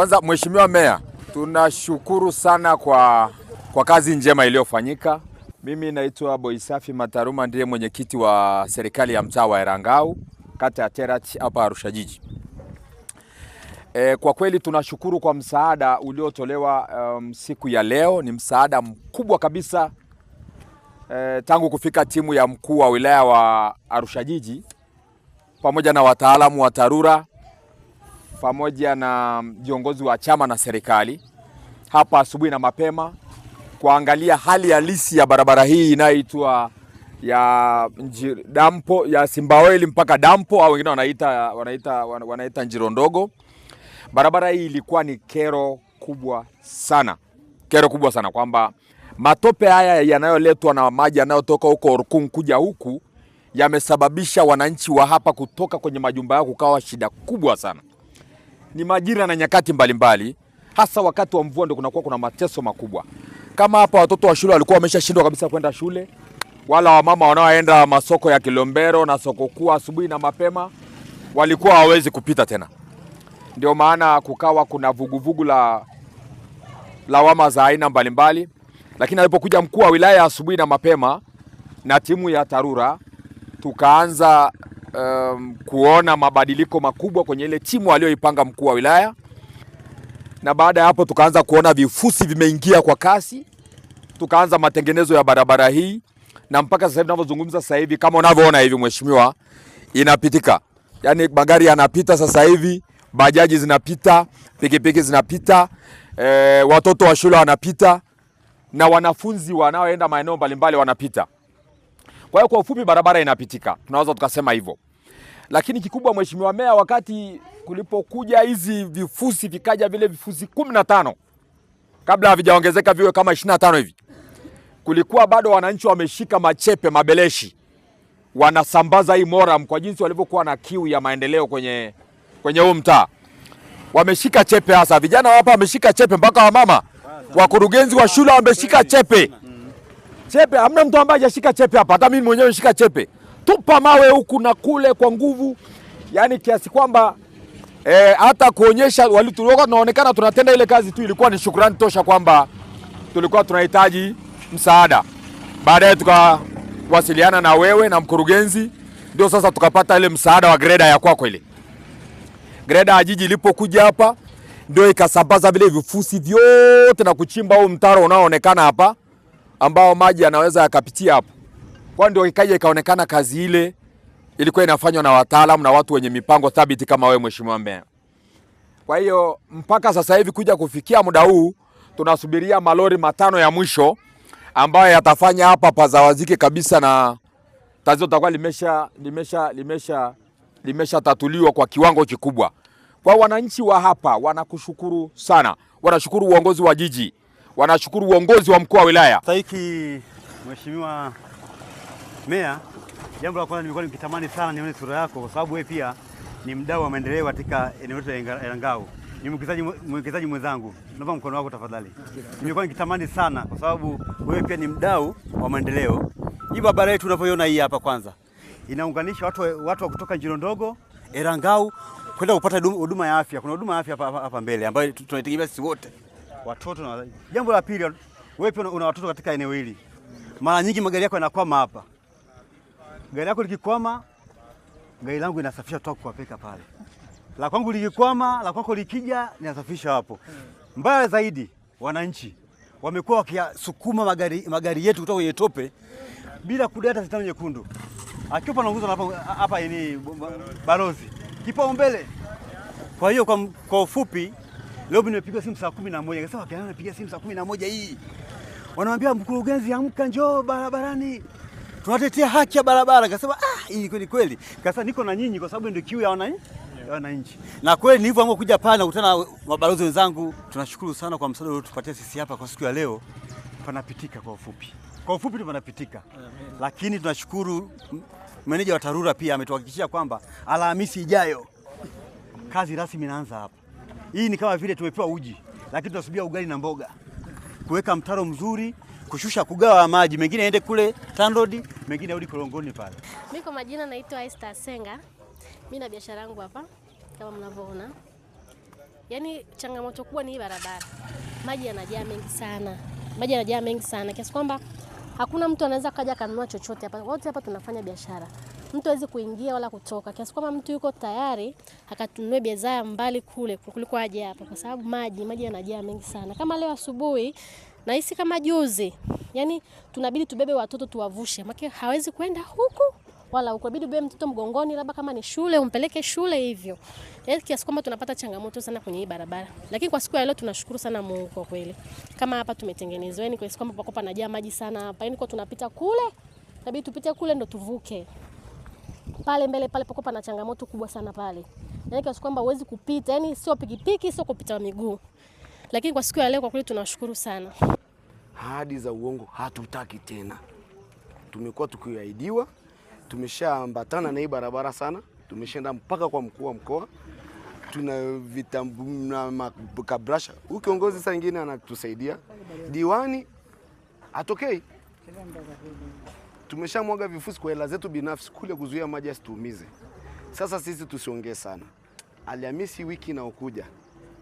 Kwanza Mheshimiwa Meya, tunashukuru sana kwa, kwa kazi njema iliyofanyika. Mimi naitwa Boisafi Mataruma, ndiye mwenyekiti wa serikali ya mtaa wa Erangau, kata ya Terat hapa Arusha jiji. E, kwa kweli tunashukuru kwa msaada uliotolewa um, siku ya leo. Ni msaada mkubwa kabisa e, tangu kufika timu ya mkuu wa wilaya wa Arusha jiji pamoja na wataalamu wa TARURA pamoja na viongozi wa chama na serikali hapa asubuhi na mapema kuangalia hali halisi ya barabara hii inayoitwa ya dampo ya Simbaweli mpaka dampo au wengine wanaita, wanaita, wanaita Njiro Ndogo. Barabara hii ilikuwa ni kero kubwa sana, kero kubwa sana kwamba matope haya yanayoletwa na maji yanayotoka huko Orkun kuja huku yamesababisha wananchi wa hapa kutoka kwenye majumba yao kukawa shida kubwa sana ni majira na nyakati mbalimbali mbali. Hasa wakati wa mvua ndio kunakuwa kuna mateso makubwa. Kama hapa watoto wa shule walikuwa wameshashindwa kabisa kwenda shule, wala wamama wanaoenda masoko ya Kilombero na soko kuu asubuhi na mapema walikuwa hawawezi kupita tena. Ndio maana kukawa kuna vuguvugu la lawama za aina mbalimbali, lakini alipokuja mkuu wa wilaya asubuhi na mapema na timu ya TARURA tukaanza um, kuona mabadiliko makubwa kwenye ile timu aliyoipanga mkuu wa wilaya, na baada ya hapo tukaanza kuona vifusi vimeingia kwa kasi, tukaanza matengenezo ya barabara hii, na mpaka sasa hivi ninavyozungumza sasa hivi kama unavyoona hivi mheshimiwa, inapitika, yani magari yanapita sasa hivi, bajaji zinapita, pikipiki zinapita, e, watoto wa shule wanapita na wanafunzi wanaoenda maeneo mbalimbali wanapita. Kwa hiyo kwa ufupi, barabara inapitika, tunaweza tukasema hivyo. Lakini kikubwa, mheshimiwa meya, wakati kulipokuja hizi vifusi, vikaja vile vifusi kumi na tano kabla havijaongezeka viwe kama ishirini na tano hivi, kulikuwa bado wananchi wameshika machepe, mabeleshi, wanasambaza hii moram kwa jinsi walivyokuwa na kiu ya maendeleo kwenye kwenye huu mtaa wameshika chepe hasa vijana hapa wameshika chepe mpaka wamama wakurugenzi wa shule wameshika chepe chepe, hamna mtu ambaye hajashika chepe hapa. Hata mimi mwenyewe nishika chepe, tupa mawe huku na kule kwa nguvu, yani kiasi kwamba e, hata kuonyesha tulikuwa tunaonekana tunatenda ile kazi tu, ilikuwa ni shukrani tosha kwamba tulikuwa tunahitaji msaada. Baadaye tukawasiliana na wewe na mkurugenzi, ndio sasa tukapata ile msaada wa greda ya kwako ile greda ya jiji ilipokuja hapa ndio ikasambaza vile vifusi vyote na kuchimba huu mtaro unaoonekana hapa ambao maji yanaweza yakapitia hapo. Kwa ndio ikaja ikaonekana kazi ile ilikuwa inafanywa na wataalamu na watu wenye mipango thabiti kama wewe mheshimiwa meya. Kwa hiyo mpaka sasa hivi kuja kufikia muda huu tunasubiria malori matano ya mwisho ambayo yatafanya hapa pazawazike kabisa na tatizo litakuwa limesha limesha limesha limeshatatuliwa kwa kiwango kikubwa. Kwa wananchi wa hapa wanakushukuru sana, wanashukuru uongozi wa jiji wanashukuru uongozi wa mkoa wa wilaya. Sasa hiki Mheshimiwa Meya, jambo la kwanza nimekuwa nikitamani sana nione sura yako, kwa sababu wewe pia ni mdau wa maendeleo katika eneo letu la Erangau, ni mwekezaji mwenzangu, naomba mkono wako tafadhali. Nimekuwa nikitamani sana, kwa sababu wewe pia ni mdau wa maendeleo. Hii barabara yetu unavyoiona hii hapa, kwanza inaunganisha watu, watu wa kutoka Njiro Ndogo Erangau kwenda kupata huduma ya afya. Kuna huduma ya afya hapa mbele ambayo tunaitegemea sisi wote watoto na wazazi. Jambo la pili, wewe pia una watoto katika eneo hili, mara nyingi magari yako yanakwama hapa. Gari yako likikwama, gari langu inasafisha toka kuwapeka pale, la kwangu likikwama, la kwako likija, ninasafisha hapo. Mbaya zaidi, wananchi wamekuwa wakisukuma magari, magari yetu kutoka kwenye tope bila kudai hata nyekundu. Akiwa panaongozwa hapa hapa ni balozi kipaumbele. Kwa hiyo kwa ufupi Leo nimepiga simu saa kumi na moja nikasema wakiana napiga simu saa kumi na moja hii? Wanamwambia mkurugenzi, amka, njoo barabarani, tunatetea haki ya barabara. Kasema ah, hii kweli kweli, kasa niko na nyinyi kwa sababu ndio kiu ya wananchi na kweli nilivyoamua kuja pale na na mabalozi wenzangu, tunashukuru sana kwa msaada uliotupatia sisi hapa kwa siku ya leo. Panapitika kwa ufupi, kwa ufupi tu panapitika, lakini tunashukuru meneja wa TARURA pia ametuhakikishia kwamba Alhamisi ijayo kazi rasmi inaanza hapa. Hii ni kama vile tumepewa uji, lakini tunasubia ugali na mboga, kuweka mtaro mzuri, kushusha kugawa maji, mengine aende kule Tandodi, mengine arudi Korongoni pale. Mimi kwa majina naitwa Esther Senga, mimi na biashara yangu hapa kama mnavyoona. Yaani changamoto kubwa ni barabara, maji yanajaa mengi sana, maji yanajaa mengi sana kiasi kwamba hakuna mtu anaweza kaja kanunua chochote hapa. Wote hapa tunafanya biashara mtu hawezi kuingia wala kutoka, kiasi kwamba mtu yuko tayari akatunue bidhaa mbali kule kuliko aje hapa, kwa sababu maji maji yanajaa mengi sana. Kama leo asubuhi nahisi kama juzi, yani tunabidi tubebe watoto tuwavushe, maana hawezi kwenda huku wala ukabidi ubebe mtoto mgongoni, labda kama ni shule umpeleke shule hivyo, yaani kiasi kwamba tunapata changamoto sana kwenye hii barabara. Lakini kwa siku ya leo tunashukuru sana Mungu kwa kweli, kama hapa tumetengenezewa, yani kiasi kwamba pako panajaa maji sana hapa, yani kwa tunapita kule, inabidi tupite kule ndo tuvuke pale mbele pale pako pana changamoto kubwa sana pale, yaani kiasi kwamba huwezi kupita, yani sio pikipiki, sio kupita miguu. Lakini kwa siku ya leo kwa kweli tunawashukuru sana. Ahadi za uongo hatutaki tena, tumekuwa tukiahidiwa, tumeshaambatana na hii barabara sana, tumeshaenda mpaka kwa mkuu wa mkoa tuna vitambu na makabrasha. Huyu kiongozi sasa ingine anatusaidia, diwani atokei Tumeshamwaga vifusi kwa hela zetu binafsi kule kuzuia maji asituumize. Sasa sisi tusiongee sana. Alhamisi wiki inaokuja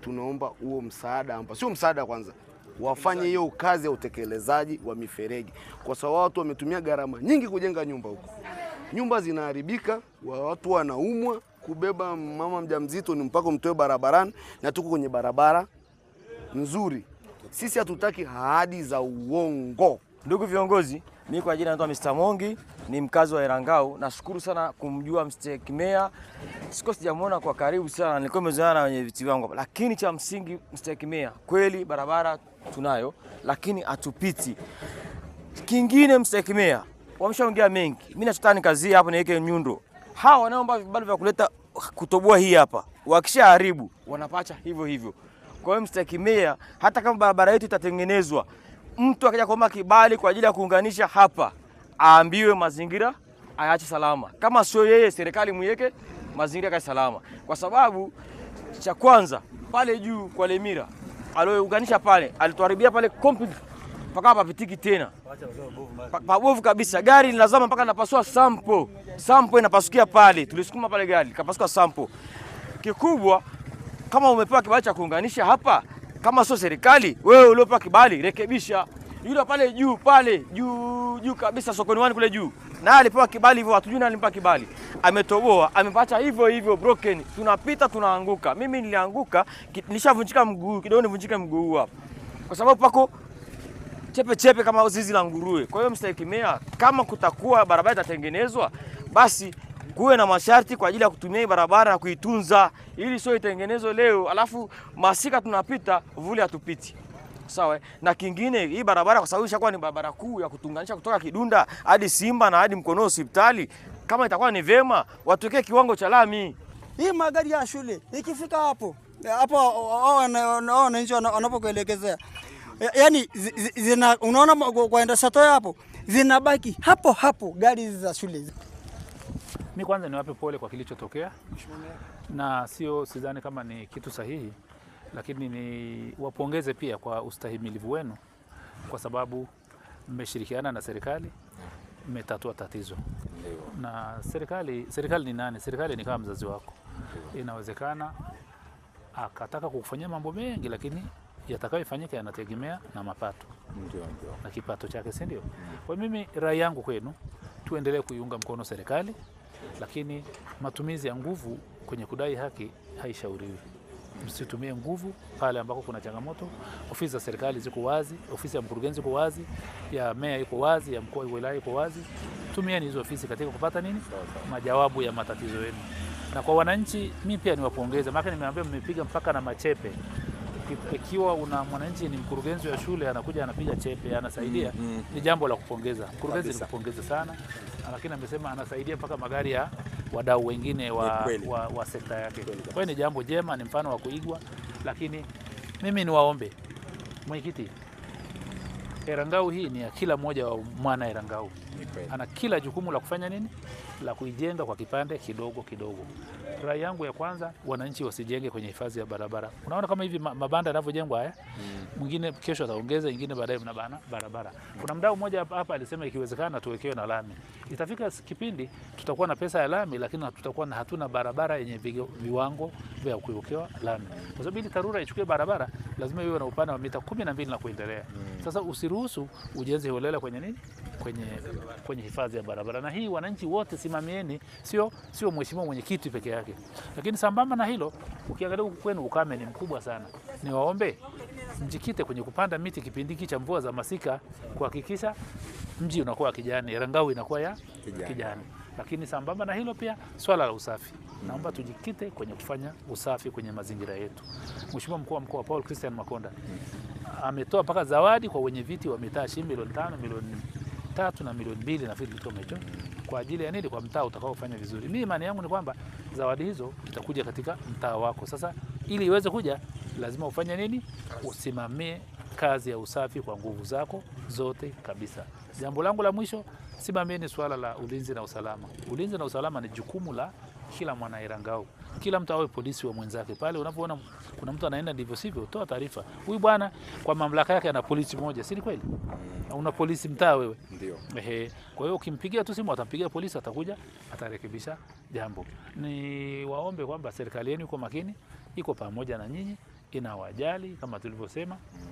tunaomba huo msaada ambao sio msaada, kwanza wafanye hiyo kazi ya utekelezaji wa mifereji, kwa sababu watu wametumia gharama nyingi kujenga nyumba huko, nyumba zinaharibika, watu wanaumwa. Kubeba mama mjamzito ni mpaka mtoe barabarani, na tuko kwenye barabara nzuri. Sisi hatutaki ahadi za uongo, ndugu viongozi. Mimi kwa jina naitwa Mr. Mongi, ni mkazi wa Erangau. Nashukuru sana kumjua Mr. Kimea. Siko sijamuona kwa karibu sana, nilikuwa nimezoeana na wenye viti wangu, lakini cha msingi Mr. Kimea, kweli barabara tunayo, lakini hatupiti. Kingine Mr. Kimea, wameshaongea mengi. Mimi nachotaka nikazia hapo niweke nyundo. Hawa wanaomba vibali vya kuleta kutoboa hii hapa, wakishaharibu wanapacha hivyo hivyo. Kwa hiyo Mr. Kimea, hata kama barabara yetu itatengenezwa Mtu akija kuomba kibali kwa ajili ya kuunganisha hapa, aambiwe mazingira ayache salama, kama sio yeye, serikali muiweke mazingira yake salama, kwa sababu cha kwanza pale juu kwa Lemira aliounganisha pale alituharibia pale complete mpaka hapapitiki tena, pabovu kabisa. Gari linazama mpaka napasua sampo, sampo inapasukia pale, tulisukuma pale gari kapasuka sampo. Kikubwa, kama umepewa kibali cha kuunganisha hapa kama sio serikali, wewe uliopewa kibali rekebisha. Yule pale juu pale juu juu kabisa sokoni wani kule juu, na alipewa kibali hivyo, hatujui nani alimpa kibali. Ametoboa, amepacha hivyo hivyo broken, tunapita tunaanguka. Mimi nilianguka, nishavunjika mguu kidogo, nivunjike mguu hapa, kwa sababu pako chepe chepe kama zizi la nguruwe. Kwa hiyo mstahiki meya, kama kutakuwa barabara itatengenezwa basi kuwe na masharti kwa ajili ya kutumia hii barabara na kuitunza, ili sio itengenezwe leo alafu masika tunapita vuli hatupiti. Sawa. Na kingine hii barabara kwa sababu ishakuwa ni barabara kuu ya kutunganisha kutoka Kidunda hadi Simba na hadi Mkono hospitali, kama itakuwa ni vema watokee kiwango cha lami. Hii magari ya shule ikifika hapo hapo, wananchi wanapokuelekezea, yani zina unaona, kwaenda Satoya hapo zinabaki hapo hapo gari za shule. Mi kwanza niwape pole kwa kilichotokea, na sio, sidhani kama ni kitu sahihi, lakini ni wapongeze pia kwa ustahimilivu wenu, kwa sababu mmeshirikiana na serikali, mmetatua tatizo. Na serikali, serikali ni nani? Serikali ni kama mzazi wako, inawezekana akataka kukufanyia mambo mengi, lakini yatakayofanyika yanategemea na mapato ndio, ndio. na kipato chake, si ndio? Mm. Kwa mimi rai yangu kwenu, tuendelee kuiunga mkono serikali lakini matumizi ya nguvu kwenye kudai haki haishauriwi. Msitumie nguvu pale ambako kuna changamoto. Ofisi za serikali ziko wazi, ofisi ya mkurugenzi iko wazi, ya meya iko wazi, ya mkuu wa wilaya iko wazi. Tumieni hizo ofisi katika kupata nini, majawabu ya matatizo yenu. Na kwa wananchi, mi pia niwapongeze, maana nimeambia mmepiga mpaka na machepe ikiwa una mwananchi ni mkurugenzi wa shule anakuja anapiga chepe anasaidia, mm, mm. Ni jambo la kupongeza mkurugenzi, ni kupongeza sana, lakini amesema anasaidia mpaka magari ya wadau wengine wa, wa, wa sekta yake. Kwa hiyo ni jambo jema, ni mfano wa kuigwa, lakini mimi niwaombe mwenyekiti, Erangau hii ni ya kila mmoja wa mwana Erangau ana kila jukumu la kufanya nini, la kuijenga kwa kipande kidogo kidogo. Rai yangu ya kwanza, wananchi wasijenge kwenye hifadhi ya barabara. Unaona kama hivi mabanda yanavyojengwa haya, eh? mm. mwingine kesho ataongeza ingine, baadaye mnabana barabara. Kuna mdau mmoja hapa alisema ikiwezekana tuwekewe na lami. Itafika kipindi tutakuwa na pesa ya lami, lakini tutakuwa na hatuna barabara yenye viwango vya kuwekewa lami, kwa sababu ili TARURA ichukue barabara lazima iwe na upana wa mita kumi na mbili na kuendelea. Mm. Sasa usiruhusu ujenzi holela kwenye nini kwenye, kwenye hifadhi ya barabara. Na hii wananchi wote simamieni, sio sio mheshimiwa mwenyekiti peke yake. Lakini sambamba na hilo, ukiangalia huku kwenu ukame ni mkubwa sana, niwaombe mjikite kwenye kupanda miti kipindi hiki cha mvua za masika, kuhakikisha mji unakuwa kijani, Rangau inakuwa ya kijani, kijani. Lakini sambamba na hilo pia swala la usafi mm. Naomba tujikite kwenye kufanya usafi kwenye mazingira yetu. Mheshimiwa mkuu wa mkoa Paul Christian Makonda mm. ametoa mpaka zawadi kwa wenye viti wa mitaa shilingi milioni tano milioni tatu na milioni mbili na vitu kama hicho kwa ajili ya nini? Kwa mtaa utakao kufanya vizuri. Mimi imani yangu ni kwamba zawadi hizo zitakuja katika mtaa wako. Sasa ili iweze kuja, lazima ufanye nini? Usimamie kazi ya usafi kwa nguvu zako zote kabisa. Jambo langu la mwisho, simamieni suala la ulinzi na usalama. Ulinzi na usalama ni jukumu la kila mwana Irangau kila mtu awe polisi wa mwenzake pale. Unapoona kuna mtu anaenda ndivyo sivyo, toa taarifa, huyu bwana kwa mamlaka yake ana polisi moja si kweli? Mm. Una polisi mtaa wewe, ndio ehe. Kwa hiyo ukimpigia tu simu, atampigia polisi, atakuja atarekebisha jambo. Ni waombe kwamba serikali yenu iko makini, iko pamoja na nyinyi, inawajali kama tulivyosema. Mm.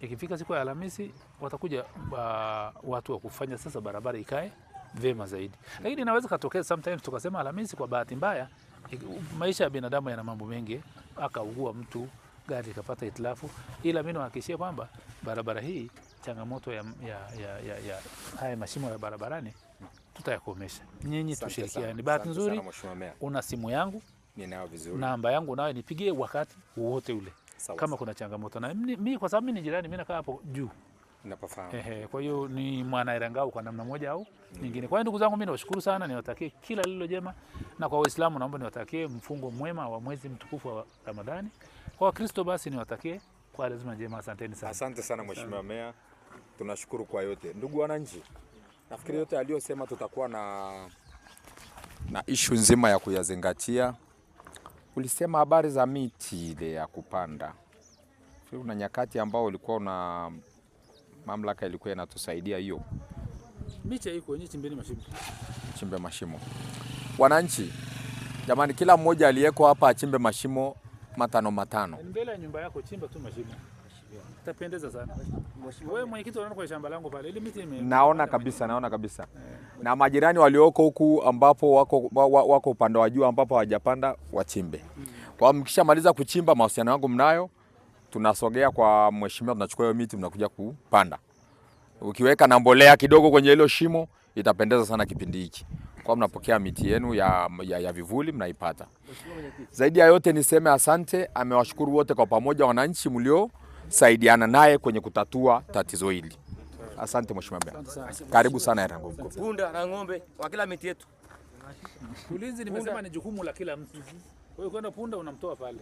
Ikifika siku ya Alhamisi watakuja uh, watu wa kufanya sasa barabara ikae vema zaidi, lakini inaweza katokea sometimes tukasema Alhamisi, kwa bahati mbaya maisha ya binadamu yana mambo mengi, akaugua mtu, gari ikapata hitilafu, ila mimi nahakikishia kwamba barabara hii changamoto ya, ya, ya, ya, ya haya mashimo ya barabarani tutayakomesha. Nyinyi tushirikiane. Bahati nzuri una simu yangu vizuri, namba yangu nayo, nipigie wakati wowote ule Sawa. kama kuna changamoto na mimi, kwa sababu mimi ni jirani, mimi nakaa hapo juu. Napafahamu. Ehe, kwa hiyo ni mwana Erangau kwa namna moja au nyingine. Kwa hiyo ndugu zangu, mimi nawashukuru sana, niwatakie kila lilo jema, na kwa Waislamu naomba niwatakie mfungo mwema wa mwezi mtukufu wa Ramadhani. Kwa Wakristo basi niwatakie kwa lazima njema. Asanteni sana. Asante sana Mheshimiwa Meya, tunashukuru kwa yote. Ndugu wananchi, nafikiri yote aliyosema tutakuwa na na ishu nzima ya kuyazingatia. Ulisema habari za miti ile ya kupanda, kuna nyakati ambao ulikuwa una mamlaka ilikuwa inatusaidia hiyo. Miche iko yenyewe, chimbeni mashimo, chimbe mashimo. Wananchi jamani, kila mmoja aliyeko hapa achimbe mashimo matano matano. Mbele ya nyumba yako chimba tu mashimo. Tapendeza sana. Wewe mwenyekiti unaona kwa shamba langu pale ile miti ime. Naona kabisa, naona kabisa. Na majirani walioko huku ambapo wako wako upande wa juu ambapo hawajapanda wachimbe. Mm. Kwa mkishamaliza kuchimba, mahusiano yangu mnayo tunasogea kwa mheshimiwa, tunachukua hiyo miti, mnakuja kupanda. Ukiweka na mbolea kidogo kwenye hilo shimo, itapendeza sana kipindi hiki. Kwa mnapokea miti yenu ya, ya, ya vivuli mnaipata. Zaidi ya yote niseme asante, amewashukuru wote kwa pamoja, wananchi mliosaidiana naye kwenye kutatua tatizo hili. Asante mheshimiwa karibu sana Yarango. Punda na ng'ombe wa kila miti yetu, ulinzi nimesema ni jukumu la kila mtu. Kwa hiyo kwenda punda unamtoa pale.